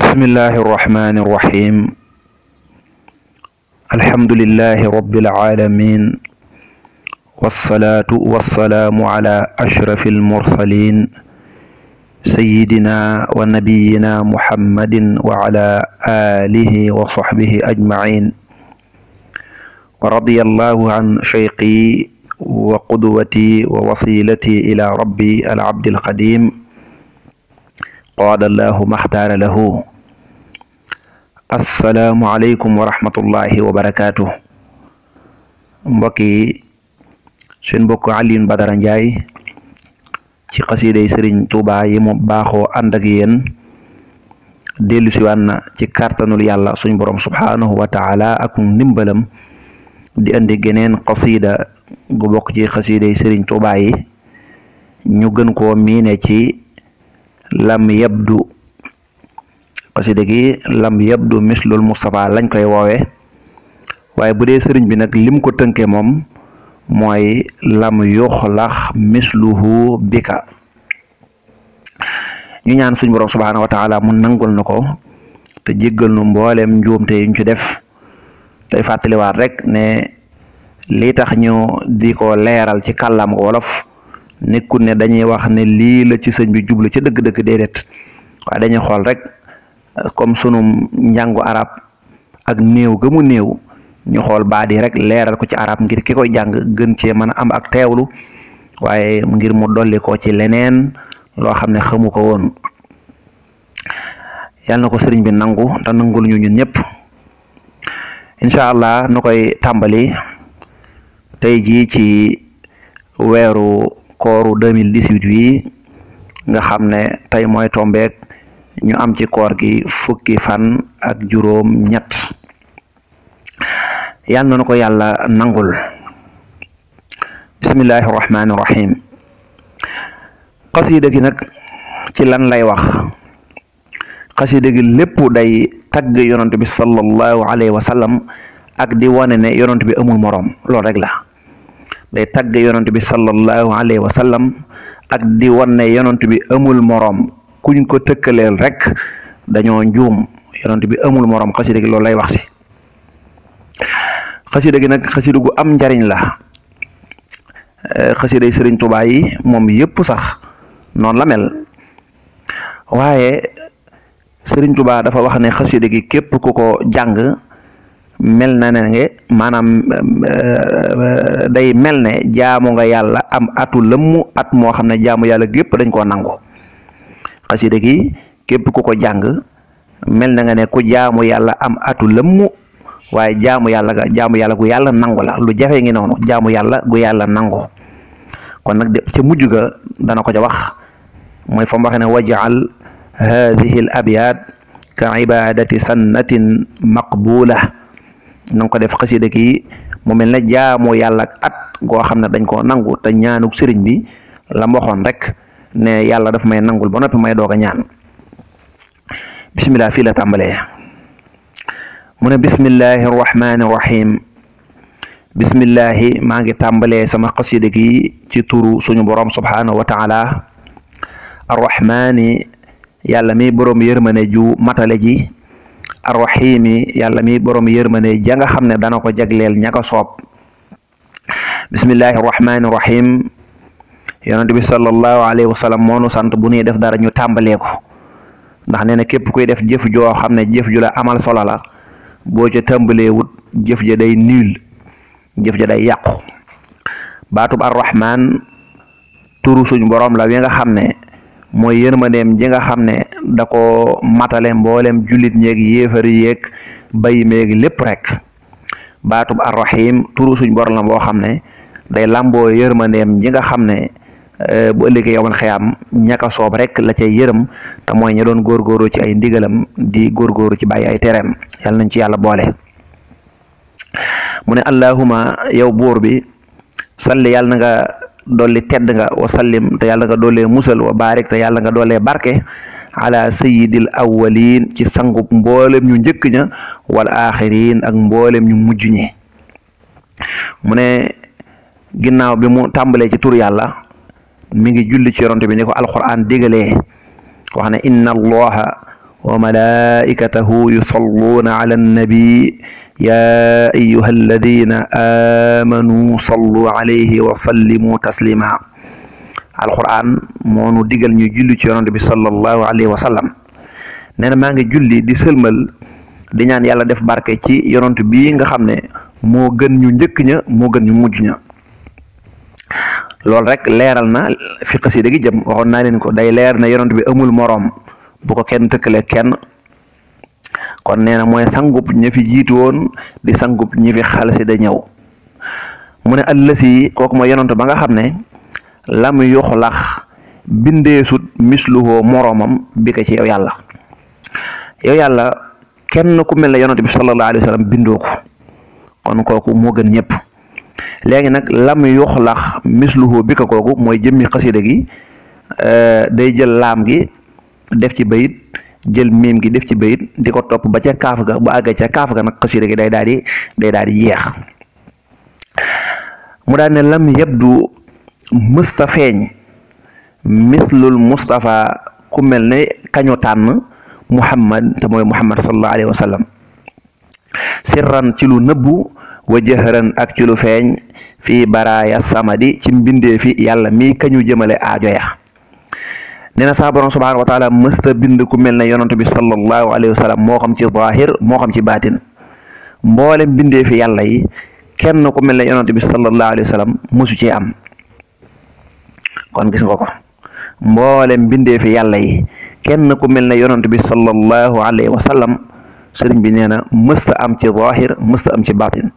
بسم الله الرحمن الرحيم الحمد لله رب العالمين والصلاة والسلام على أشرف المرسلين سيدنا ونبينا محمد وعلى آله وصحبه أجمعين ورضي الله عن شيقي وقدوتي ووصيلتي إلى ربي العبد القديم قال الله ما اختار له asalaamualeykum wa rahmatullahi wa barakaatu mbokk yi seen mbokk Alioune Badara Ndiaye ci xasiiday Sëriñ Tuubaa yi mu baaxoo ànd ak yéen dellu siwaan na ci kàttanul yàlla suñ borom subhaanahu wa taala ndimbalam di andi geneen xasiida gu bokk ci xasiiday Sëriñ Tuubaa yi ñu gën ko miine ci lam yabdu xasida gi lam yabdu mislul mustafa lañ koy wowe waye budé sëriñ bi nak lim ko mom moy lam yukhlaq misluhu bika ñu ñaan suñu borom subhanahu wa taala mu nangul nako ko te jéggal nu mbooleem njuumte yuñ ci def fatali waat rek ne li tax ñu di léral ci kallam wolof nekku ne dañuy wax ne li la ci sëñ bi jublu ci dëgg-dëgg wa dañuy xol rek comme sunu njàngu arab ak néew ga néew ñu xool baat yi rek leeral ko ci arab ngir ki koy jàng gën cee mën a am ak teewlu waaye ngir mu dolli ko ci leneen loo xam ne xamu ko woon yàlla ko sëriñ bi nangu te nangul ñu ñun ñëpp incha allah nu koy tàmbali tey jii ci weeru kooru 2018 wi nga xam ne tey mooy tombeek ñu am ci koor gi fukki fan ak juróom ñett yal na ko yàlla nangul bismillahi rahmaani rahim xasida gi nag ci lan lay wax xasida gi lépp day tagg yonent bi sallallahu alayhi wa sallam ak di wane ne yonent bi amul moroom loolu rek la day tagg yonent bi sallallahu alayhi wa sallam ak di wane ne yonent bi amul moroom kuñ ko tëkkaleel rek dañoo njuum yonent bi amul moroom xasida gi loolu lay wax si xasida gi nag xasida gu am njariñ la eh, xasida yi sëriñ Tuubaa yi moom yëpp sax noonu la mel waaye sëriñ Tuubaa dafa wax ne xasida gi képp ku ko jàng mel na ne nga maanaam eh, eh, day mel ne jaamu nga yàlla am atu lëmm at moo xam ne jaamu yàlla gépp dañ koo nangu qasida gi kep ku ko jang mel na nga ne ku jaamu yalla am atu lemu waye jaamu yalla ga jaamu yalla gu yalla nangu la lu jafé ngi nonu jaamu yalla gu yalla nango kon nak ci mujju ga dana ko ja wax moy fam mu waxee ne wajaal hadihi al abyad ka ibadati sannatin maqbula nang ko def qasida gi mu mel jaamu yalla ak at go xamne dañ ko nangu te ñaanuk serigne bi la waxon rek ne yàlla daf may nangul ba noppi may doog a ñaan bisimilah fii la tàmbalee mu ne bisimilahi rahmaani rahim bisimilahi maa ngi tàmbalee sama xasida gi ci turu suñu borom subhaanahu wa taala arrahmaani yàlla mi borom yërmane ju matale ji arrahimi yàlla mi borom yërmane ja nga xam ne dana ko jagleel ña ko soob bisimilahi rahmaani rahim. yonent bi sallallahu alayhi wa sallam moo nu sant bu nuy def dara ñu tàmbalee ko ndax nee na képp kuy def jëf joo xam ne jëf ju la amal solo la boo ca tàmbalee jëf ja day niil jëf ja day yàqu baatub arrahman turu suñ borom la wi nga xam ne mooy yërmandeem ji nga xam ne da ko matale mboolem jullit ñeeg yéefari yeeg bay meeg lépp rek baatub arrahim turu suñ borom la boo xam ne day làmboo yërmandeem ji nga xam ne Euh, bu ëllëgee yow man xayaam ñaka soob rek la cay yërëm te mooy ña doon góorgóorlu ci ay ndigalam di góor góorgóorlu ci bàyyi ay tereem yàlla nañ ci yàlla boole mu ne allahuma yow buur bi salli yàlla na nga dolli tedd nga wa sallim te yàlla nga doole musal wa baarik te yàlla nga doolee barke ala sayyidil awwalin ci sangub mboolem ñu njëkk ña wal axirin ak mboolem ñu mujj ñi mu ne ginnaaw bi mu tàmbalee ci tur yàlla mi ngi julli ci yonante bi ni ko alquran digalee wax ne inna allaha wa malaikatahu yusalluuna ala annabi ya ayuha alladina aamanu sallu alayhi wa sallimu taslima alquran moo nu digal ñu julli ci yonante bi sallallahu alayhi wa sallam nee julli di sëlmal di ñaan yàlla def barke ci yonant bii nga xam ne moo gën ñu njëkk ña moo gën ñu mujj ña loolu rek leeral na fi xasida gi jëm waxoon naa leen ko day leer na yonent bi amul moroom bu ko kenn tëkkale kenn kon nee na mooy sangub ñi fi jiitu woon di sangub ñi fi xasida ñëw mu ne allasi kooku mooy yonent ba nga xam ne lam yuxlax bindeesut misluhoo moroomam bi ko ci yow yàlla yow yàlla kenn ku mel ne yonent bi sallallahu alayhi bindoo ko kon kooku moo gën ñëpp. léegi nag lam yuxlax misluhu bi ko kooku mooy jëmmi xasida gi euh, day jël laam gi def ci bayit jël miim gi def ci bayit di ko topp ba ca kaaf ga bu àggee ca kaaf ga nag xasida gi day daal di day daal di jeex mu daal ne lam yabdu mësta feeñ mislul Moustapha ku mel ni kañu tànn Muhammad te mooy Muhammad sallallahu alayhi ci lu nëbbu wa jëxëran ak ci lu feeñ fii baraaya samadi ci mbindee fi yàlla mii kañu jëmale aajo ya nee na saa borom subhaanahu mësta bind ku mel na yonent bi sallallahu alayhi wa sallam xam ci moo xam ci baatin mboole mbindee fi yàlla yi kenn ku mel ne yonent bi sallallahu mosu ci am kon gis nga ko mboole mbindee fi yàlla yi kenn ku mel na yonent bi sallallahu alayhi wa sallam bi nee na mësta am ci zaahir mësta am ci baatin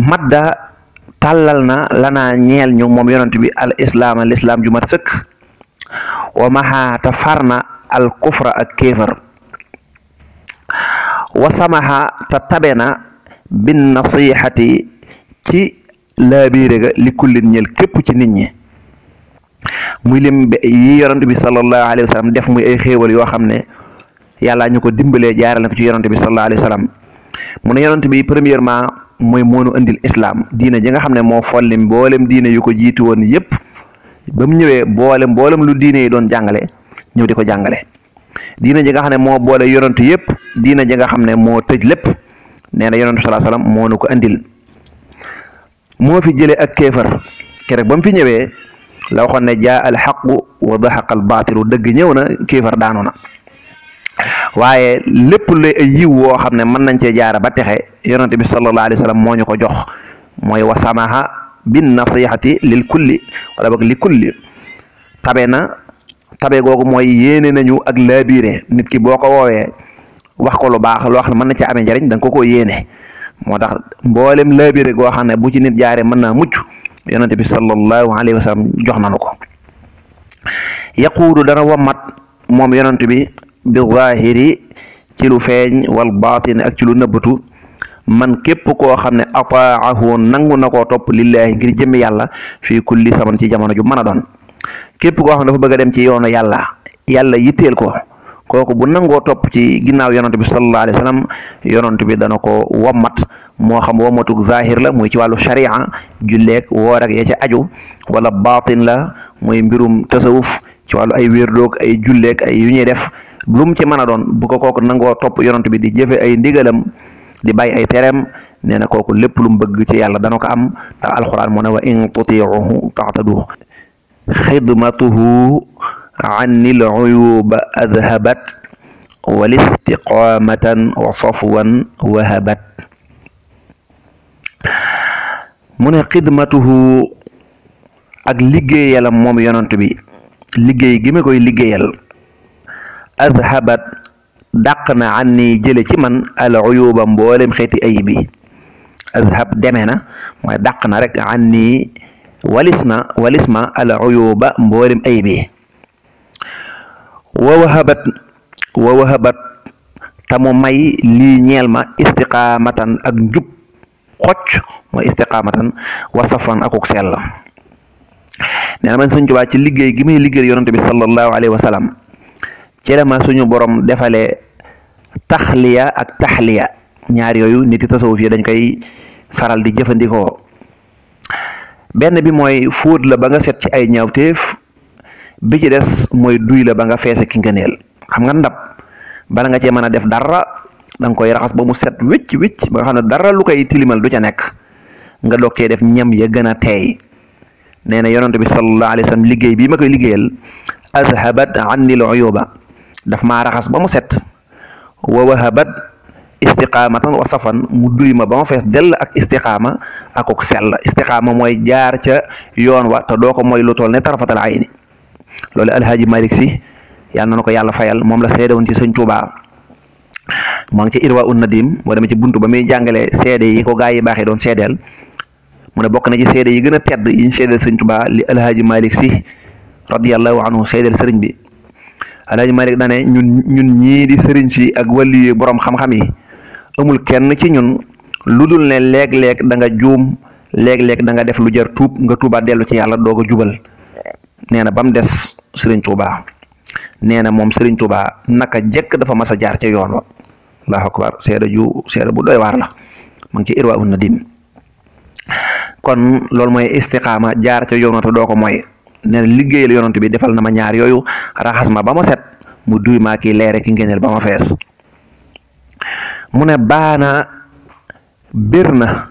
madda tàllal na lanaa ñeel ñu moom yonent bi al islaama lislaam ju mat sëkk wa maxa te far na al kufra ak kéefar wa samaxa te tabe na bin nasihati ci laabiire ga li kullin ñeel képp ci nit ñi muy lim yi yonent bi sallallahu alayhi wa def muy ay xéewal yoo xam ne yàlla ñu ko dimbalee jaarale ko ci yonent bi sallallahu alayhi wa sallam mu bi premièrement mooy moonu indil islaam diina ji xam ne moo folli mboolem diina yu ko jiitu woon yépp ba mu ñëwee boole mboolem lu diine yi doon jàngale ñëw di ko jàngale diina ji nga xam ne moo boole yonent yépp diina ji nga xam ne moo tëj lépp nee na yonent salaa salaam moo nu ko indil moo fi jëlee ak kéefar keroog ba mu fi ñëwee la waxoon ne jaa al xaqu wa daxaqa al baatilu dëgg ñëw na kéefar daanu na waaye lépp la ay yiw woo xam ne mën nañ cee jaara ba texe yonente bi sallallahu alayhi wa sallam moo ñu ko jox mooy wasamaha bin nasihati lil kulli wala boog li kulli tabe na tabe googu mooy yéene nañu ak laabiire nit ki boo ko woowee wax ko lu baax loo xam ne mën na cee amee njariñ da ko ko yéene moo tax mboolem laabiire goo xam ne bu ci nit jaaree mën naa mucc yonente bi sallallahu alayhi wa sallam jox nañu ko yaquudu dana wammat moom yonent bi bi ci lu feeñ wal baatin ak ci lu nëbbatu man képp koo xam ne ataahu nangu na ko topp lillaahi ngir jëmmi yàlla fii kulli saman ci jamono ju mën a doon képp koo xam ne dafa bëgg a dem ci yoonu yàlla yàlla yitteel ko kooku bu nangoo topp ci ginnaaw yonant bi sallallahu alayhi wa sallam bi dana ko wommat moo xam wommatug zahir la muy ci wàllu sharia julleeg woor ak ya ca aju wala baatin la muy mbirum tasawuf ci wàllu ay wérdoog ay julleeg ay yu ñuy def lu ci mën a doon bu ko kooku nangoo topp yonent bi di jëfe ay ndigalam di bàyyi ay tereem nee na kooku lépp lu mu bëgg ci yàlla dana ko am ndax alxuraan mu ne wa in tutiuhu taxtadu xidmatuhu anil uyuba adhabat wal istiqamatan wa safwan wahabat mu ne xidmatuhu ak liggéeyalam moom yonent bi liggéey gi koy liggéeyal azhabat dàq na an nii jële ci man al uyuba mboolem xeeti ayib yi azhab deme na mooy dàq na rek an nii walis na walis ma al uyuba mboolem ayib yi wa wahabat wa may lii ñeel ma istiqaamatan ak njub xocc mooy istiqaamatan wasafan akuk sell nee na man sëñ Tuubaa ci liggéey gi muy liggéey yonante bi sallallahu alayhi wa ci la suñu borom defale taxliya ak tahliya ñaar yoyu niti tasawuf ya dañ koy faral di jëfëndiko benn bi moy food la ba nga set ci ay ñaawteef bi ci des moy duuy la ba nga feese ki nga neel xam nga ndab nga ci mëna def dara dang koy raxas ba mu set wëcc wëcc ba nga xam dara lu koy tilimal du ca nek nga dokkee def ñam ya gëna tay teey yaronte bi sallallahu alayhi wasallam liggéey ma koy liggéeyal azhabat anni daf maa raxas ba mu set wa wahabat istiqaamatan wa safan mu duy ma ba ma fees dell ak istiqaama akuk sell istiqaama mooy jaar ca yoon wa te doo ko mooy lu toll ne tarafatal ayni loolu alhaaji malik si yàlla na na ko yàlla fayal moom la seede seedewoon ci sëñ Tuubaa moo ngi ci irwa un nadim moo dem ci bunt ba muy jàngalee seede yi ko gaa yi baaxee doon seedeel mu ne bokk na ci seede yi gën a tedd yi ñu seedeel sëñ Tuubaa li alhaaji malik si radiyallahu anhu seedeel bi Alaaji Malik dane ñun ñun ñii di sëriñ si ak wàllu yi borom xam-xam yi amul kenn ci ñun lu dul ne léeg-léeg da nga juum léeg-léeg da nga def lu jar tuub nga tuubaat dellu ci yàlla doog a jubal nee na ba mu des sëriñ Tuubaa nee na moom sëriñ Tuubaa naka jekk dafa mas a jaar ca yoon wa allahu akbar seeda ju seeda bu doy waar la mu ngi ci irwa un nadim kon loolu mooy istiqaama jaar ca yoon wa te doo ko mooy ne liggéeyal yonent bi defal na ma ñaar yooyu raxas ma ba ma set mu duy maa kii leere ki ngéneel ba ma fees mu ne baana bir na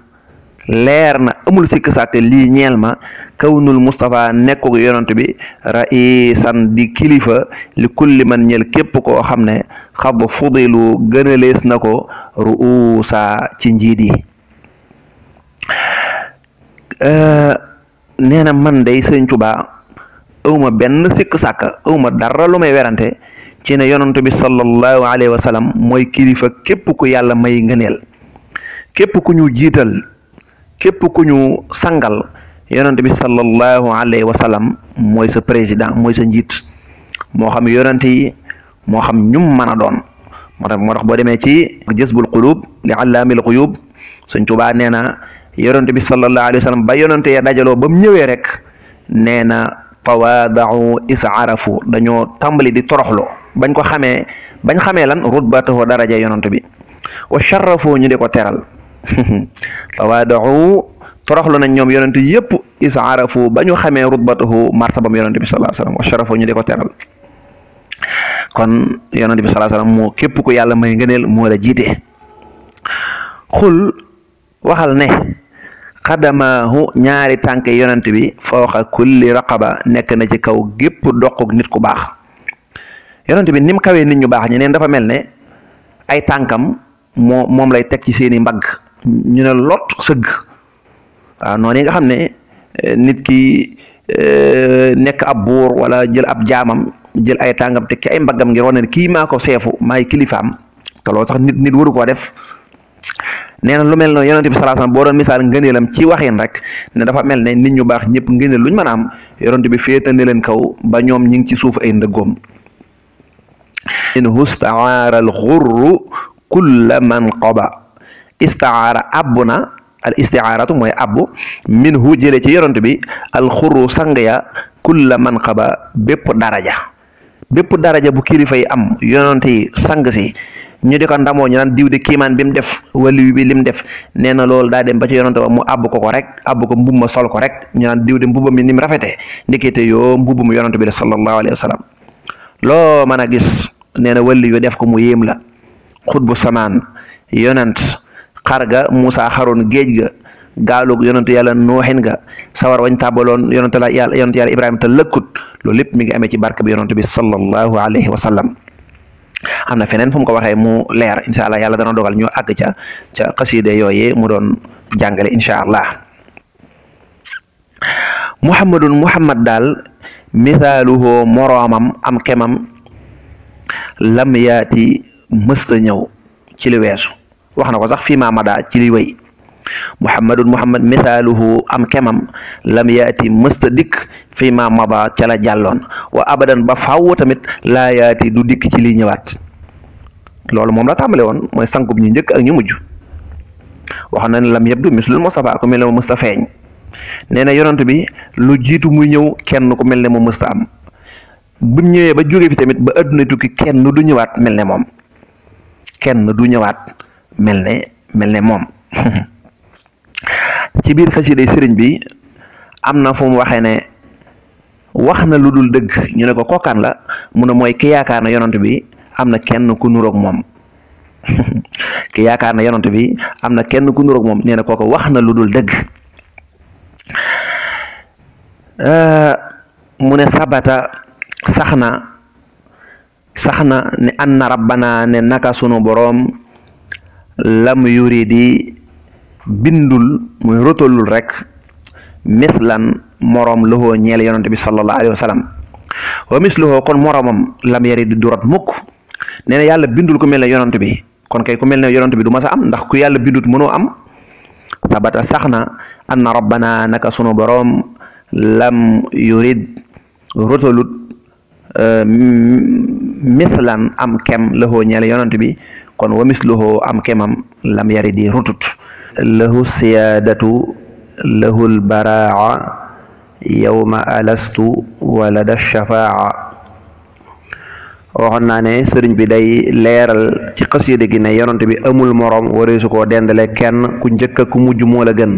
leer na amul sikk sàkk lii ñeel ma kawnul Moustapha nekkug yonent bi raisan di kilifa li kulli man ñeel képp koo xam ne xab fudilu gën na ko ruusa ci njiit yi nee man dey sëñ Tuubaa awma benn sikk sàkka awma dara lu may werante ci ne yonantu bi sallallahu alayhi wa sallam mooy kilifa képp ku yàlla may ngëneel képp ku ñu jiital képp ku ñu sangal yonent bi sallallahu alayhi wa mooy sa président mooy sa njiit moo xam yonent yi moo xam ñum mën a doon moo tax moo boo demee ci jësbul qulub li allaamil xuyub suñ tubaa nee na yonent bi sallallahu alayhi wa sallam ba yonent ya dajaloo ba ñëwee rek nee tawaadaxu isaarafu dañoo tàmbali di toroxloo bañ ko xamee bañ xamee lan rutbatahu daraja yonant bi wa sharrafoo ñu di ko teral tawaadaxu toroxlu nañ ñoom yonent yëpp isaarafu ba ñu xamee rutbatahu martabam yonent bi salaa salaam ñu di ko kon yonent bi salaa salaam moo képp yàlla may ngëneel moo la jiite xul waxal ne xadamaahu ñaari tànk yonent bi fooxa kulli raqaba nekk na ci kaw gépp doquk nit ku baax yonent bi ni kawee nit ñu baax ñi neen dafa mel ne ay tànkam moo moom lay teg ci seeni mbagg ñu ne lot sëgg noonu yi nga xam ne eh, nit ki eh, nekk ab buur wala jël ab jaamam jël ay tàngam teg ci ay mbaggam ngir wane ne kii maa ko seefu maay kilifaam te loolu sax nit waru koo def neena lu mel noonu yonente bi salaa salaam boo doon misal ngeenelam ci waxin rek ne dafa mel ne nit ñu bax ñëpp ngeenel luñu mën am yonente bi féetande kaw ba ñom ñing ci suuf ay ndegom in hustaara al xurru kullaman man qaba istaara abuna al istiaaratu moy abu min hu ci yaronte bi al xurru sang ya man qaba bepp daraja bepp daraja bu kilifa yi am sang si ñu di ko ndamoo ñu diw di kiman bim def wali bi lim def neena lol da dem ba ci yonante mu àbb ko ko rek ko sol ko rek ñu diw di mbubba mi ni mu rafetee ndikete yo mbubbu mu yonante bi sallallahu alaihi wasallam lo loo gis neena wali yu def ko mu yimla la khutbu samaan yonent xar musa harun xaroon galuk ga gaalug yonante yàlla nooxin ga sawar wañ tabalon yonante la yàlla yonante yàlla ibrahima te lëkkut loolu lépp mi ngi amé ci barke bi yonante bi sallallahu alaihi wasallam am na feneen fu mu ko waxee mu leer incha allah yàlla dana dogal ñu àgg ca ca xasiide yooyee mu doon jàngale incha allah muhammadun muhammad daal misaaluhoo moroomam am kemam lam yaati mësta ñëw ci li weesu wax na ko sax fii maamada ci li way muhammadun muhammad misaaluhu am kemam lam yaati mësta dikk fii ma maba ca la jàlloon wa abadan ba fàww tamit laa yaati du dikk ci liy ñëwaat loolu moom la tàmbale woon mooy sankub ñu njëkk ak ñu mujj wax na ne lam yabdu mislul Mustafa ku mel ne mu mësta feeñ nee na yonent bi lu jiitu muy ñëw kenn ku mel ne mu mësta am bu ñëwee ba jógee fi tamit ba adduna tukki kenn du ñëwaat mel ne moom kenn du ñëwaat mel ne mel ne moom ci biir xasida sëriñ bi am na fu mu waxee ne wax na lu dul dëgg ñu ne ko kokkaan la mu ne mooy ki yaakaar na yonant bi am na kenn ku nuroog moom ki yaakaar na yonant bi am na kenn ku nuroog moom nee na kooku wax na lu dul dëgg mu ne sabata sax na sax na ne ba rabbana ne naka sunu boroom lam yuridi bindul muy rotalul rek mislan moroom loxoo ñeel yonante bi sallallahu alayhi wa sallam kon moroomam lam yari di durat mukk nee na yàlla bindul ku mel ne yonante bi kon kay ku mel ne yonante bi du mas am ndax ku yàlla bindut mënoo am sabata sax na anna rabbana naka sunu boroom lam yurid rotalut euh, mislan am kem loxoo ñeel yonante bi kon wa misluhoo am kemam lam yari di rotut له السيادة له البراعة يوم ألست ولد الشفاعة waxoon naa ne sëriñ bi day leeral ci xasida gi ne yonante bi amul morom wareesu koo dendale kenn ku njëkk a ku mujj moo la gën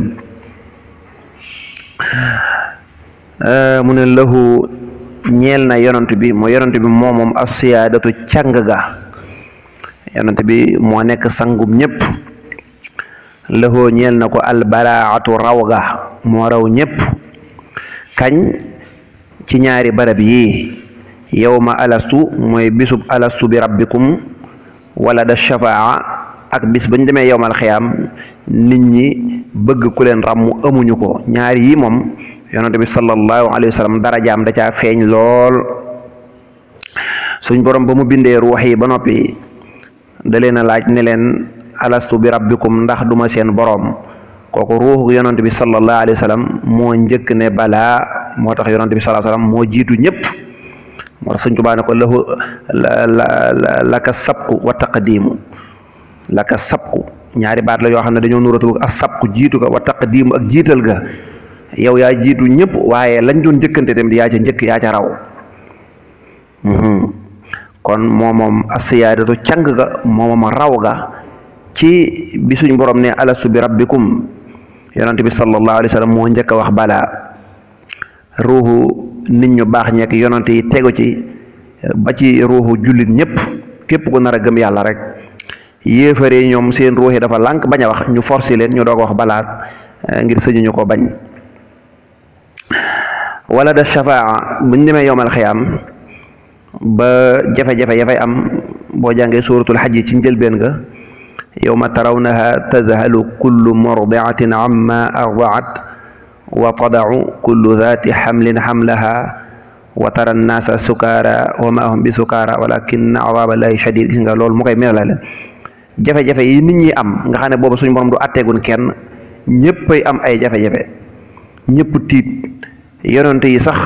mu ne lahu ñeel na yonant bi mu yonant bi moom asiyaadatu càng ga yonant bi moo nekk sangum ñépp lahoo ñeel nako ko albaraatu raw ga moo raw ñépp kañ ci ñaari barab yi yawma alastu mooy bisub alastu bi rabbikum wala da shafaa ak bis ba ñu demee yowmal xiyaam nit ñi bëgg ku leen ràmm amuñu ko ñaari yi moom yonente bi sallallahu alayhi wa sallam darajaam da caa feeñ lool suñ borom ba mu bindee ruux ba noppi da laaj ne leen alastu bi rabbikum ndax duma sen borom koku ruh yonent bi sallallahu alaihi wasallam mo moo ne bala motax yonent bi sallallahu alaihi wasallam mo jitu ñep mo moo tax sëñ ko lahu laka wa laka ñaari baat la yo xamne dañu dañoo ak sabku jitu ga wa taqdiimu ak jital ga yow ya jitu ñep waaye lañ doon njëkkante tamit ya ca njëkk ya ca raw mhm. kon momom asiyadatu asiyaadatu ga momom raw ga ci bi suñ borom ne ala subi rabbikum yaronte bi sallallahu alaihi wasallam sallam moo wax bala ruhu nit ñu baax ñekk yaronte yi teggu ci ba ci ruhu julit ñepp sin ko nara a gëm yàlla rek yéefare ñom seen ruuxi dafa lank baña wax ñu forcé len ñu doog wax bala eh, ngir señu ñuko bañ wala da shafaa bu yowmal khiyam ba jafe-jafe ya am bo surutul suratul hajj ci ben nga ma yawma tarawnaha tadhalu kullu murdi'atin amma arda'at wa tada'u kullu dhati hamlin hamlaha wa tara nnaasa sukaara wa maa hum bi sukaara walakinna adhaaba llaahi shadiid gis nga lool mu koy melal leen jafe-jafe yi nit ñi am nga xam ne boobu suñu borom du atteegun kenn ñëppay am ay jafe-jafe ñëpp tiit te yi sax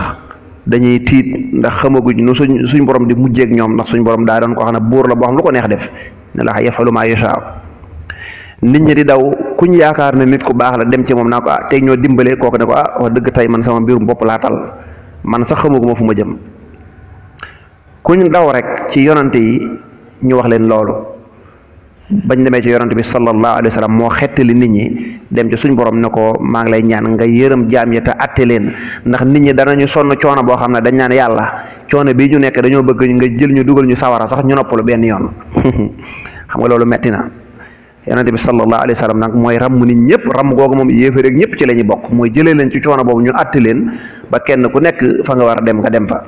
dañuy tiit ndax xamaguñ nu suñ suñ borom di mujjeeg ñoom ndax suñ borom daa doon koo xam ne buur la boo xam lu ko neex def ne la yafalu maa nit ñi di daw kuñ yaakaar ne nit ku baax la dem ci moom naa ko ah tey ñoo dimbalee kooku ne ko ah wax dëgg tey man sama mbirum bopp laa tal man sax xamu ma fu ma jëm kuñ daw rek ci yonante yi ñu wax leen loolu bañ demee ci yonante bi sallallahu alayhi wa sallam moo xettali nit ñi dem ci suñ borom ne ko maa ngi lay ñaan nga yërëm jaam ya te atte leen ndax nit ñi danañu sonn coono boo xam ne dañ naan yàlla coono bi ñu nekk dañoo bëgg nga jël ñu dugal ñu sawara sax ñu noppalu benn yoon xam nga loolu metti na yonante bi sallallahu alayhi wa sallam nag mooy ramm nit ñëpp ramm googu moom yéefar ak ñëpp ci la ñu bokk mooy jëlee leen ci coono boobu ñu atte ba kenn ku nekk fa nga war a dem nga dem fa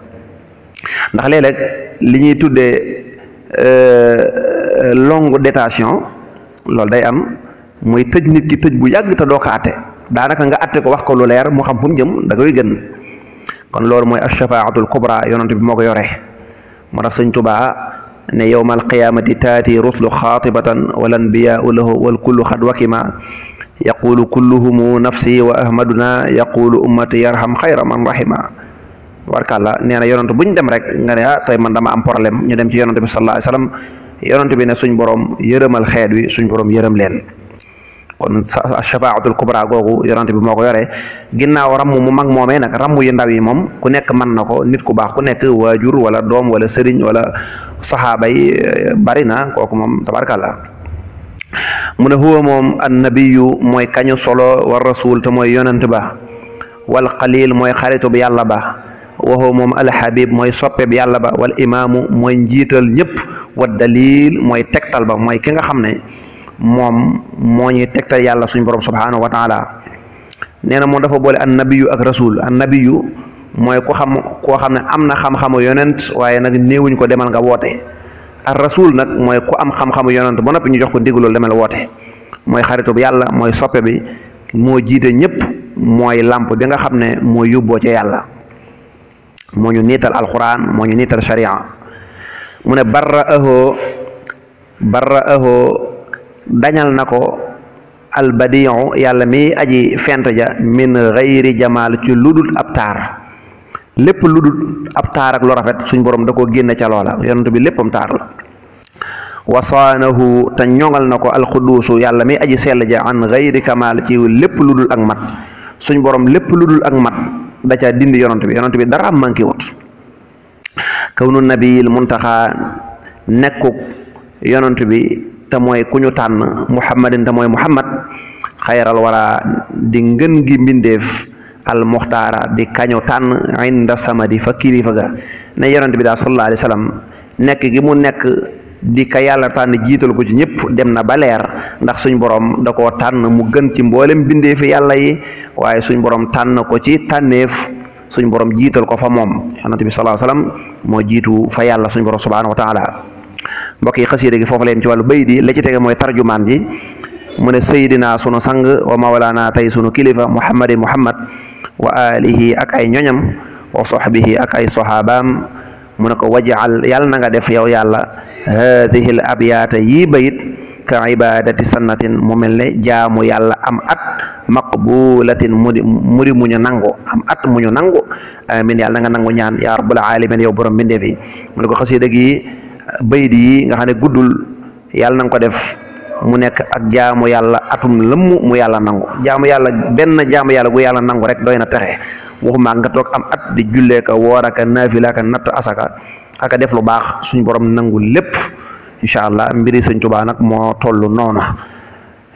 Euh, euh, longue detation loolu day am mooy tëj nit ki tëj bu yàgg te doo ko àtte daanaka nga àtte ko wax ko lu leer moo xam fu jëm da koy gën kon loolu mooy ashafaatul kubra yonent bi moo ko yore moo tax sëñ Tuubaa ne yowmal qiyaamati taati ruslu xaatibatan wal anbiyaau lahu wal kullu xad wakima yaqulu kulluhumu nafsi wa ahmaduna yaqulu ummati yarham xayra man rahima warkàlla nee na yonent bu ñu dem rek nga ne ah tey man dama am problème ñu dem ci yonent bi sallallahu alayhi wasallam yonent bi ne suñ borom yërëmal xeet wi suñ borom yërëm leen kon shafaatul kubra googu yonent bi moo ko yoree ginnaaw ramm mu mag moomee nag ramm yu ndaw yi moom ku nekk mën na ko nit ku baax ku nekk waajur wala doom wala sëriñ wala saxaaba yi eh, bari na kooku moom tabarkàlla mu ne huwa moom annabiyu mooy kañu solo war rasul te mooy yonent ba wal qalil mooy xaritu bi yàlla ba waxoo moom alxabib mooy bi yàlla ba wal imaamu mooy njiital ñëpp wa dalil mooy tegtal ba mooy ki nga xam ne moom moo ñuy tegtal yàlla suñ borom subhaanahu wa nee na moom dafa boole an nabiyu ak rasul an nabiyu mooy ku xam koo xam ne am na xam-xamu yonent waaye nag néewuñ ko demal nga woote ar rasul nag mooy ku am xam-xamu yonent ba noppi ñu jox ko digaloolu demal woote mooy bi yàlla mooy soppe bi moo jiite ñëpp mooy làmp bi nga xam ne mooy yóbboo ca yàlla moo ñu niital alquran moo ñu niital sharia mu ne barra ahoo barra ahoo dañal na ko albadiu yàlla mi aji fent ja min xayri jamaal ci ludul ab taar lépp ludul ab taar ak lu rafet suñ borom da koo génn ca loola yonent bi léppam taar la wasaanahu te ñoŋal na ko alxuduusu yàlla mi aji sell ja an xayri kamaal ci lépp ludul ak mat suñ borom lépp ludul ak mat da caa dindi yonent bi yonent bi dara manqué wut kawnu nabiyil muntaxa nekkuk yonant bi te mooy ku ñu tànn muhammadin te mooy muhammad xayral wara di ngën gi mbindeef al muxtaara di kañu tànn inda samadi fa kilifa ga ne yonent bi daa sallallahu alayhi wa nekk gi mu nekk di ka yalla tan jital ko ci ñëpp dem na ba leer ndax suñ borom da koo mu gën ci mbolem wa fi yalla yi waye suñ borom tan ko ci tanef suñ borom jital ko fa mom yonante sallallahu alaihi wasallam mo jitu fa yalla suñ borom subhanahu wa taala mbokk yi xasiida gi fofu leen ci walu beydi la ci tege moy tarjumaan ji mu ne sayidina sunu sang wa mawlana tay sunu kilifa muhammad muhammad wa alihi ak ay ñoñam wa sahbihi ak ay soxaabaam mu ne ko nga def yow yalla haadihi l abyaata yii bayit ka ibadati sannatin mu mel ne jaamo yàlla am at maqbulatin mu latin mu di muñu nangu am at muñu nangu amin yàlla na nga nangu ñaan yaa rabbul alamin yow borom mbindeef yi mu ne ko xasida gi bayit yi nga xam ne guddul yàlla na ko def mu nekk ak jaamu yàlla atum lëmm mu yàlla nangu jaamu yàlla benn jaamu yàlla gu yàlla nangu rek doy na texe waxuma nga toog am at di jullee ka woor aka naafila ka natt asaka aka def lu bax suñu borom nangul lepp inshallah allah mbiri sëñ Tuubaa nag moo toll noonu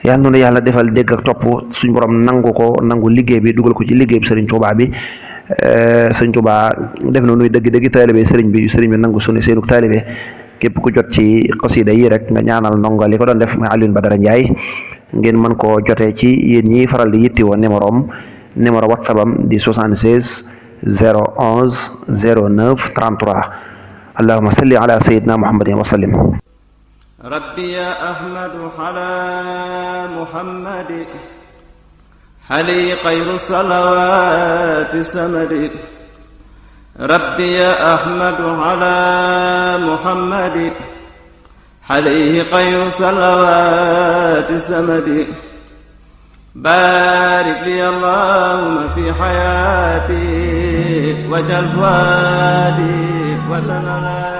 yàlla noonu yalla defal dégg ak top suñu borom nangu ko nangu liggéey bi duggal ko ci liggey bi señ Tuubaa bi euh señ Tuubaa def na nuy dëgg dëgg taalibe sëriñ bi señ bi nangu suñu seenu talibé kep ku jot ci qasida yi rek nga ñaanal nongal liko ko def ma Alioune Badara Ndiaye ngeen man ko joté ci yeen ñi faral di yittewoo numéro numéro whatsappam di 76 011 09 33 اللهم صل على سيدنا محمد وسلم ربي يا أحمد على محمد حلي خير صلوات سمد ربي يا أحمد على محمد حليه خير صلوات سمد بارك لي اللهم في حياتي وجل ولا لا لا